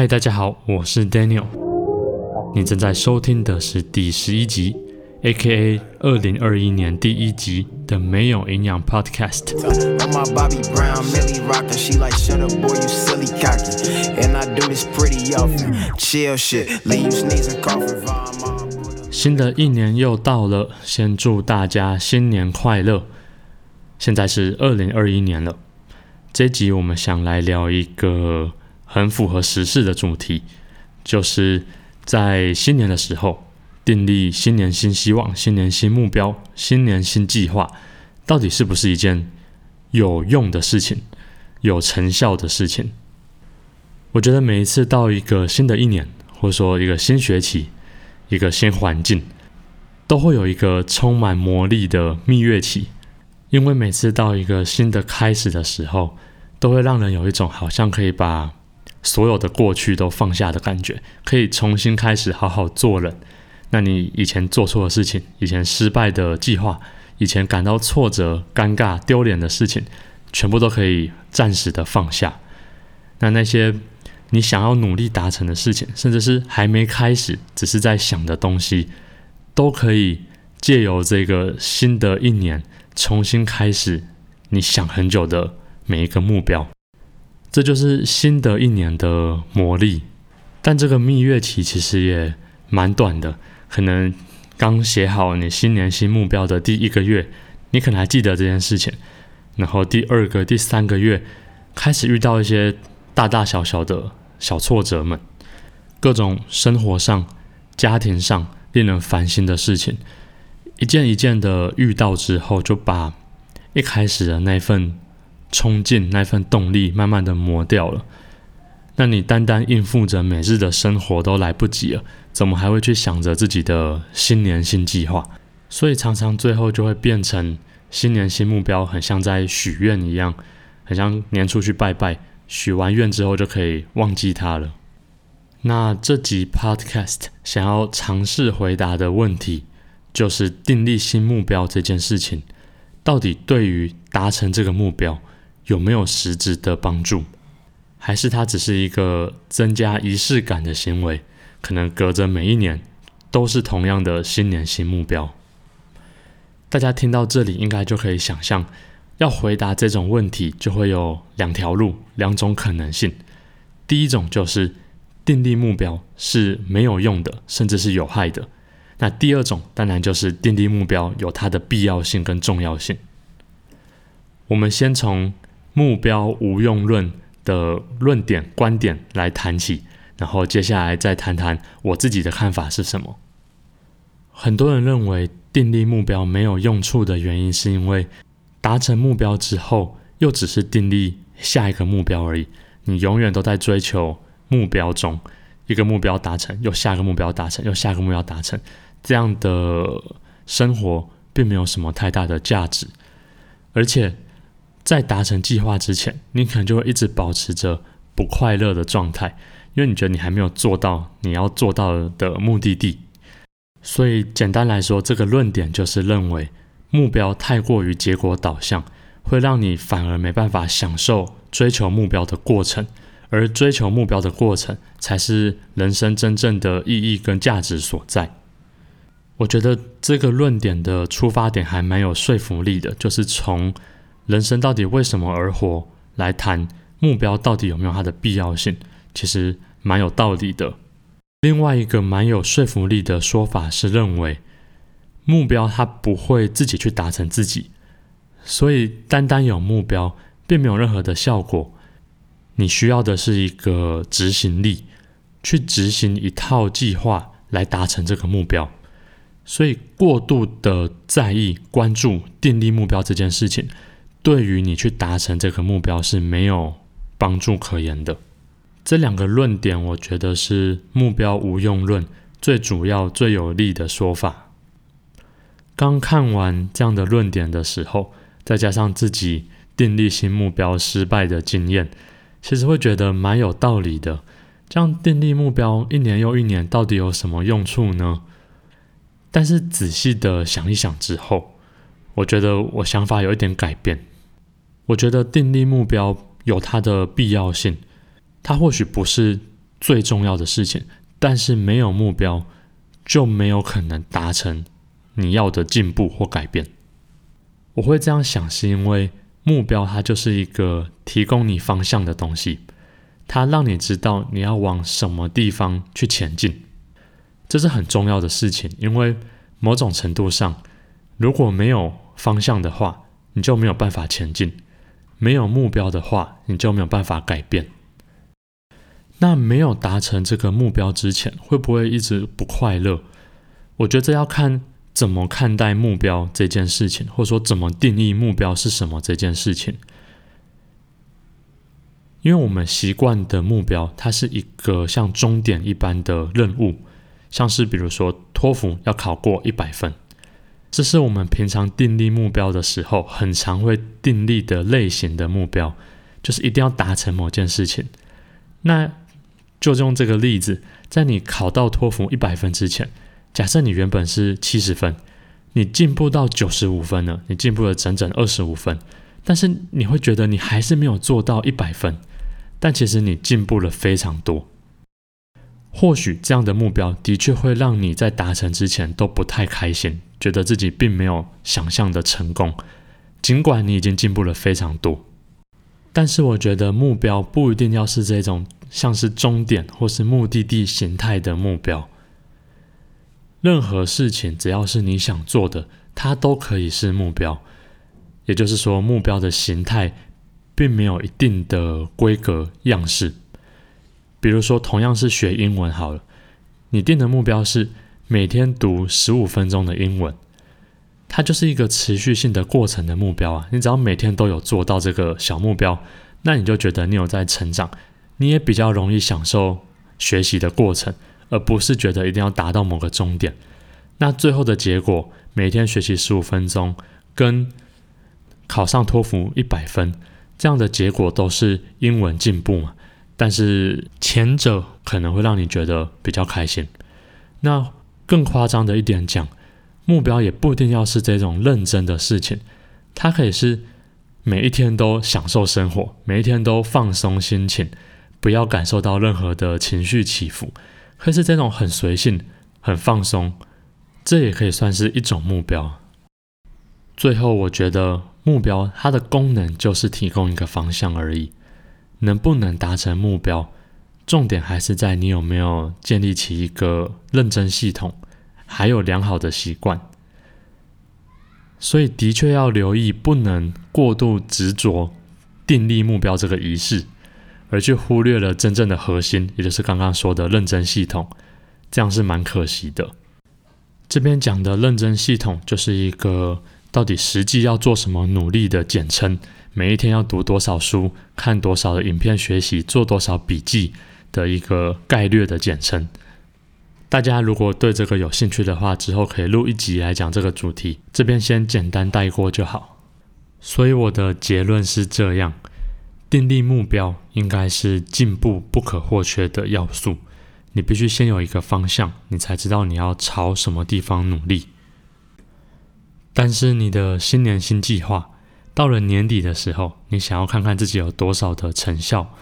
嗨，Hi, 大家好，我是 Daniel。你正在收聽的是第十一集，A.K.A. 二零二一年第一集的《沒有營養 Podcast》。新的一年又到了，先祝大家新年快樂！現在是二零二一年了，這集我們想來聊一個。很符合時事的主題，就是在新年的時候訂立新年新希望、新年新目標、新年新計劃，到底是不是一件有用的事情、有成效的事情？我覺得每一次到一個新的一年，或說一個新學期、一個新環境，都會有一個充滿魔力的蜜月期，因為每次到一個新的開始的時候，都會讓人有一種好像可以把所有的過去都放下的感覺，可以重新開始好好做人。那你以前做錯的事情，以前失敗的計劃，以前感到挫折、尷尬、丟臉的事情，全部都可以暫時的放下。那那些你想要努力達成的事情，甚至是還沒開始，只是在想的東西，都可以借由這個新的一年重新開始你想很久的每一個目標。這就是新的一年的魔力，但這個蜜月期其實也蠻短的。可能剛寫好你新年新目標的第一個月，你可能還記得這件事情。然後第二個、第三個月開始遇到一些大大小小的小挫折們，各種生活上、家庭上令人煩心的事情，一件一件的遇到之後，就把一開始的那份衝勁，那份動力慢慢的磨掉了。那你單單應付着每日的生活都來不及了，怎麼還會去想着自己的新年新計劃？所以常常最後就會變成新年新目標，很像在許願一樣，很像年初去拜拜，許完願之後就可以忘記它了。那這集 Podcast 想要嘗試回答的問題，就是訂立新目標這件事情，到底對於達成這個目標，有沒有實質的幫助，還是它只是一個增加儀式感的行為？可能隔着每一年都是同樣的新年新目標。大家聽到這裡應該就可以想象，要回答這種問題就會有兩條路、兩種可能性。第一種就是訂立目標是沒有用的，甚至是有害的。那第二種當然就是訂立目標有它的必要性跟重要性。我們先從目標無用論的論點觀點來談起，然後接下來再談談我自己的看法是什麼。很多人認為訂立目標沒有用處的原因，是因為達成目標之後，又只是訂立下一個目標而已。你永遠都在追求目標中，一個目標達成，又下個目標達成，又下個目標達成，這樣的生活並沒有什麼太大的價值，而且。在達成計劃之前，你可能就會一直保持着不快樂的狀態，因為你覺得你還沒有做到你要做到的目的地。所以，簡單來說，這個論點就是認為目標太過於結果導向，會讓你反而沒辦法享受追求目標的過程，而追求目標的過程才是人生真正的意義跟價值所在。我覺得這個論點的出發點還蠻有說服力的，就是從。人生到底為什麼而活？來談目標到底有沒有它的必要性，其實蠻有道理的。另外一個蠻有說服力的說法是，認為目標它不會自己去達成自己，所以單單有目標並沒有任何的效果。你需要的是一個執行力，去執行一套計劃來達成這個目標。所以過度的在意、關注、訂立目標這件事情，對於你去達成這個目標是沒有幫助可言的。這兩個論點，我覺得是目標無用論最主要、最有力的說法。剛看完這樣的論點的時候，再加上自己訂立新目標失敗的經驗，其實會覺得蠻有道理的。這樣訂立目標一年又一年，到底有什麼用處呢？但是仔細的想一想之後，我覺得我想法有一點改變。我覺得訂立目標有它的必要性，它或許不是最重要的事情，但是沒有目標就沒有可能達成你要的進步或改變。我會這樣想，是因為目標它就是一個提供你方向的東西，它讓你知道你要往什麼地方去前進，這是很重要的事情。因為某種程度上，如果沒有方向的話，你就沒有辦法前進；沒有目標的話，你就沒有辦法改變。那沒有達成這個目標之前，會不會一直不快樂？我覺得要看怎麼看待目標這件事情，或者說怎麼定義目標是什麼這件事情。因為我們習慣的目標，它是一個像終點一般的任務，像是比如說托福要考過一百分。這是我們平常訂立目標的時候很常會訂立的類型的目標，就是一定要達成某件事情。那就用這個例子，在你考到托福一百分之前，假設你原本是七十分，你進步到九十五分了，你進步了整整二十五分，但是你會覺得你還是沒有做到一百分，但其實你進步了非常多。或許這樣的目標的確會讓你在達成之前都不太開心，覺得自己並沒有想象的成功，儘管你已經進步了非常多。但是我覺得目標不一定要是這種像是終點或是目的地形態的目標。任何事情只要是你想做的，它都可以是目標。也就是說，目標的形態並沒有一定的規格樣式。比如說，同樣是學英文好了，你定的目標是每天讀十五分鐘的英文，它就是一個持續性的過程的目標啊。你只要每天都有做到這個小目標，那你就覺得你有在成長，你也比較容易享受學習的過程，而不是覺得一定要達到某個終點。那最後的結果，每天學習十五分鐘跟考上托福一百分，這樣的結果都是英文進步嘛？但是前者可能會讓你覺得比較開心。那更誇張的一點講，目標也不一定要是這種認真的事情，它可以是每一天都享受生活，每一天都放鬆心情，不要感受到任何的情緒起伏，可以是這種很隨性、很放鬆，這也可以算是一種目標。最後，我覺得目標它的功能就是提供一個方向而已。能不能達成目標，重點還是在你有沒有建立起一個認真系統，還有良好的習慣。所以的確要留意，不能過度執着訂立目標這個儀式，而去忽略了真正的核心，也就是剛剛說的認真系統。這樣是蠻可惜的。這邊講的認真系統，就是一個到底實際要做什麼努力的簡稱。每一天要讀多少書、看多少的影片、學習、做多少筆記的一個概略的簡稱。大家如果對這個有興趣的話，之後可以錄一集來講這個主題。這邊先簡單帶過就好。所以我的結論是這樣：訂立目標應該是進步不可或缺的要素。你必須先有一個方向，你才知道你要朝什麼地方努力。但是你的新年新計劃，到了年底的時候，你想要看看自己有多少的成效，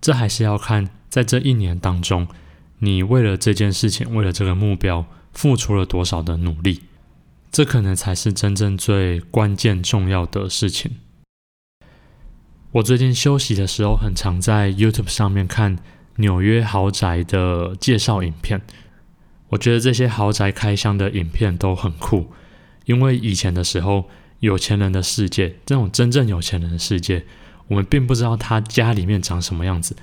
這還是要看在這一年當中，你為了這件事情，為了這個目標，付出了多少的努力，這可能才是真正最關鍵重要的事情。我最近休息的時候，很常在 YouTube 上面看紐約豪宅的介紹影片，我覺得這些豪宅開箱的影片都很酷，因為以前的時候，有錢人的世界，這種真正有錢人的世界，我們並不知道他家裡面長什麼樣子。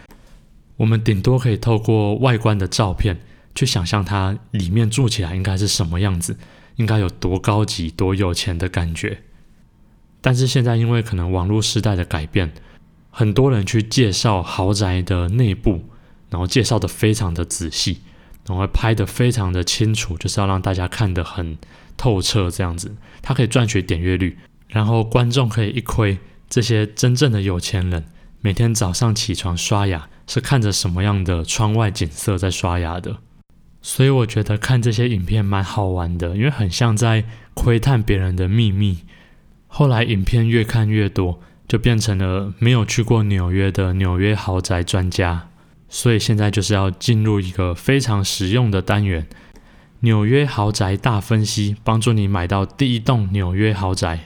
我們頂多可以透過外觀的照片去想象他裡面住起來應該是什麼樣子，應該有多高級、多有錢的感覺。但是現在，因為可能網絡時代的改變，很多人去介紹豪宅的內部，然後介紹的非常的仔細。然後拍得非常的清楚，就是要讓大家看得很透徹，這樣子，它可以賺取點閱率，然後觀眾可以一窺這些真正的有錢人每天早上起床刷牙是看着什麼樣的窗外景色在刷牙的，所以我覺得看這些影片蠻好玩的，因為很像在窺探別人的秘密。後來影片越看越多，就變成了沒有去過紐約的紐約豪宅專家。所以現在就是要進入一個非常實用的單元——紐約豪宅大分析，幫助你買到第一棟紐約豪宅。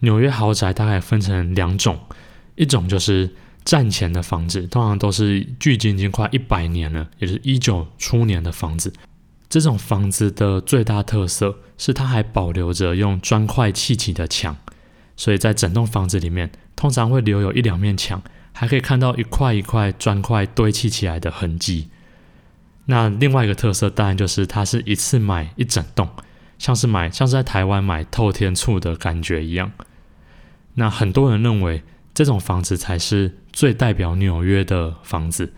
紐約豪宅大概分成兩種，一種就是戰前的房子，通常都是距今已經快一百年了，也就是一九初年的房子。這種房子的最大特色是它還保留着用磚塊砌起的牆，所以在整棟房子裡面通常會留有一兩面牆。還可以看到一塊一塊磚塊堆砌起來的痕跡。那另外一個特色，當然就是它是一次買一整棟，像是買，像是在台灣買透天厝的感覺一樣。那很多人認為這種房子才是最代表紐約的房子，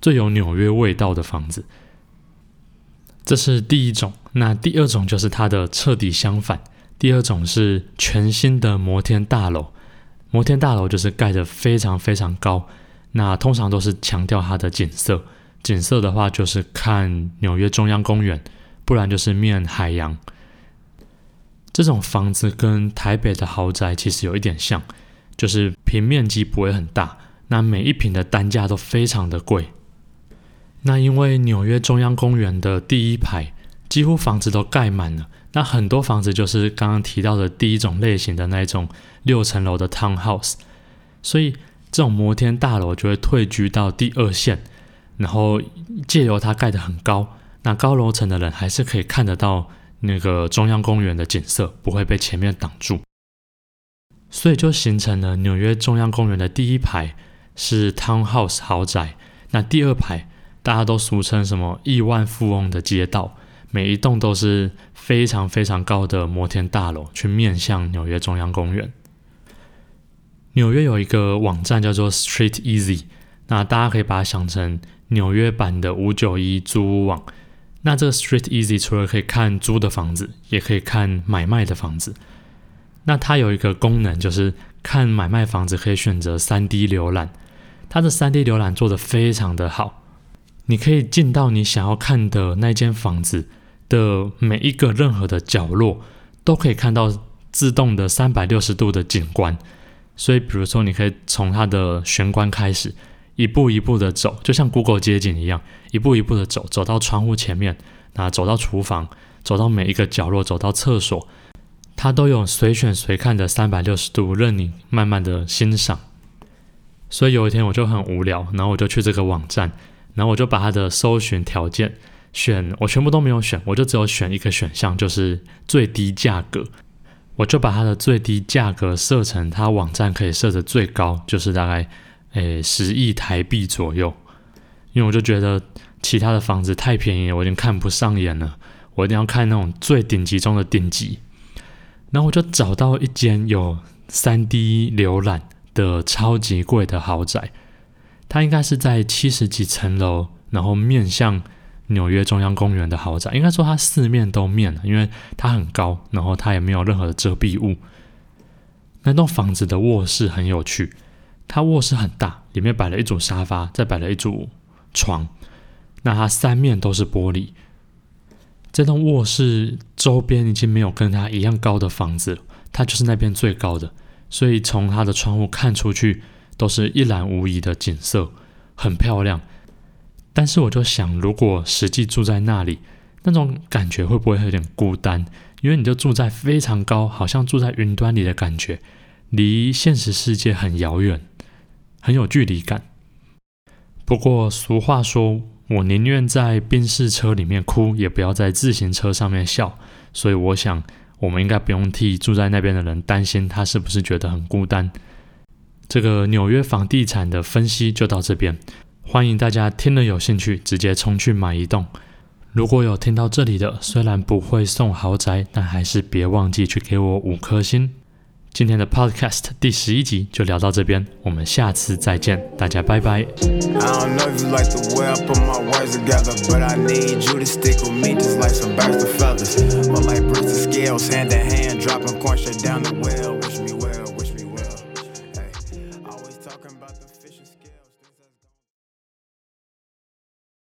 最有紐約味道的房子。這是第一種。那第二種就是它的徹底相反，第二種是全新的摩天大樓。摩天大樓就是蓋得非常非常高，那通常都是強調它的景色。景色的話，就是看紐約中央公園，不然就是面海洋。這種房子跟台北的豪宅其實有一點像，就是平面積不會很大，那每一坪的單價都非常的貴。那因為紐約中央公園的第一排，幾乎房子都蓋滿了，那很多房子就是剛剛提到的第一種類型的那種六層樓的 townhouse，所以這種摩天大樓就會退居到第二線，然後借由它蓋得很高，那高樓層的人還是可以看得到那個中央公園的景色，不會被前面擋住，所以就形成了紐約中央公園的第一排是 townhouse 豪宅，那第二排大家都俗稱什麼億萬富翁的街道。每一棟都是非常非常高的摩天大樓，去面向紐約中央公園。紐約有一個網站叫做 Street Easy，那大家可以把它想成紐約版的五九一租屋網。那這個 Street Easy 除了可以看租的房子，也可以看買賣的房子。那它有一個功能，就是看買賣房子可以選擇三 D 瀏覽，它的三 D 瀏覽做得非常的好，你可以進到你想要看的那間房子。的每一個任何的角落都可以看到自動的三百六十度的景觀，所以比如說，你可以從它的玄關開始，一步一步的走，就像 Google 街景一樣，一步一步的走，走到窗戶前面，那走到廚房，走到每一個角落，走到廁所，它都有隨選隨看的三百六十度，任你慢慢的欣賞。所以有一天我就很無聊，然後我就去這個網站，然後我就把它的搜尋條件，選，我全部都沒有選，我就只有選一個選項，就是最低價格。我就把它的最低價格設成它網站可以設的最高，就是大概誒十億台幣左右。因為我就覺得其他的房子太便宜了，我已經看不上眼了。我一定要看那種最頂級中的頂級。然後我就找到一間有三 D 瀏覽的超級貴的豪宅，它應該是在七十幾層樓，然後面向。紐約中央公園的豪宅，應該說它四面都面，因為它很高，然後它也沒有任何的遮蔽物。那棟房子的臥室很有趣，它臥室很大，裡面擺了一組沙發，再擺了一組床。那它三面都是玻璃，這棟臥室周邊已經沒有跟它一樣高的房子，它就是那邊最高的，所以從它的窗戶看出去，都是一覽無遺的景色，很漂亮。但是我就想，如果實際住在那裡，那種感覺會不會有點孤單？因為你就住在非常高，好像住在雲端裡的感覺，離現實世界很遙遠，很有距離感。不過俗話說，我寧願在賓士車裡面哭，也不要在自行車上面笑。所以我想，我們應該不用替住在那邊的人擔心，他是不是覺得很孤單。這個紐約房地產的分析就到這邊。歡迎大家聽了有興趣，直接衝去買一棟。如果有聽到這裡的，雖然不會送豪宅，但還是別忘記去給我五顆星。今天的 Podcast 第十一集就聊到這邊，我們下次再見，大家拜拜。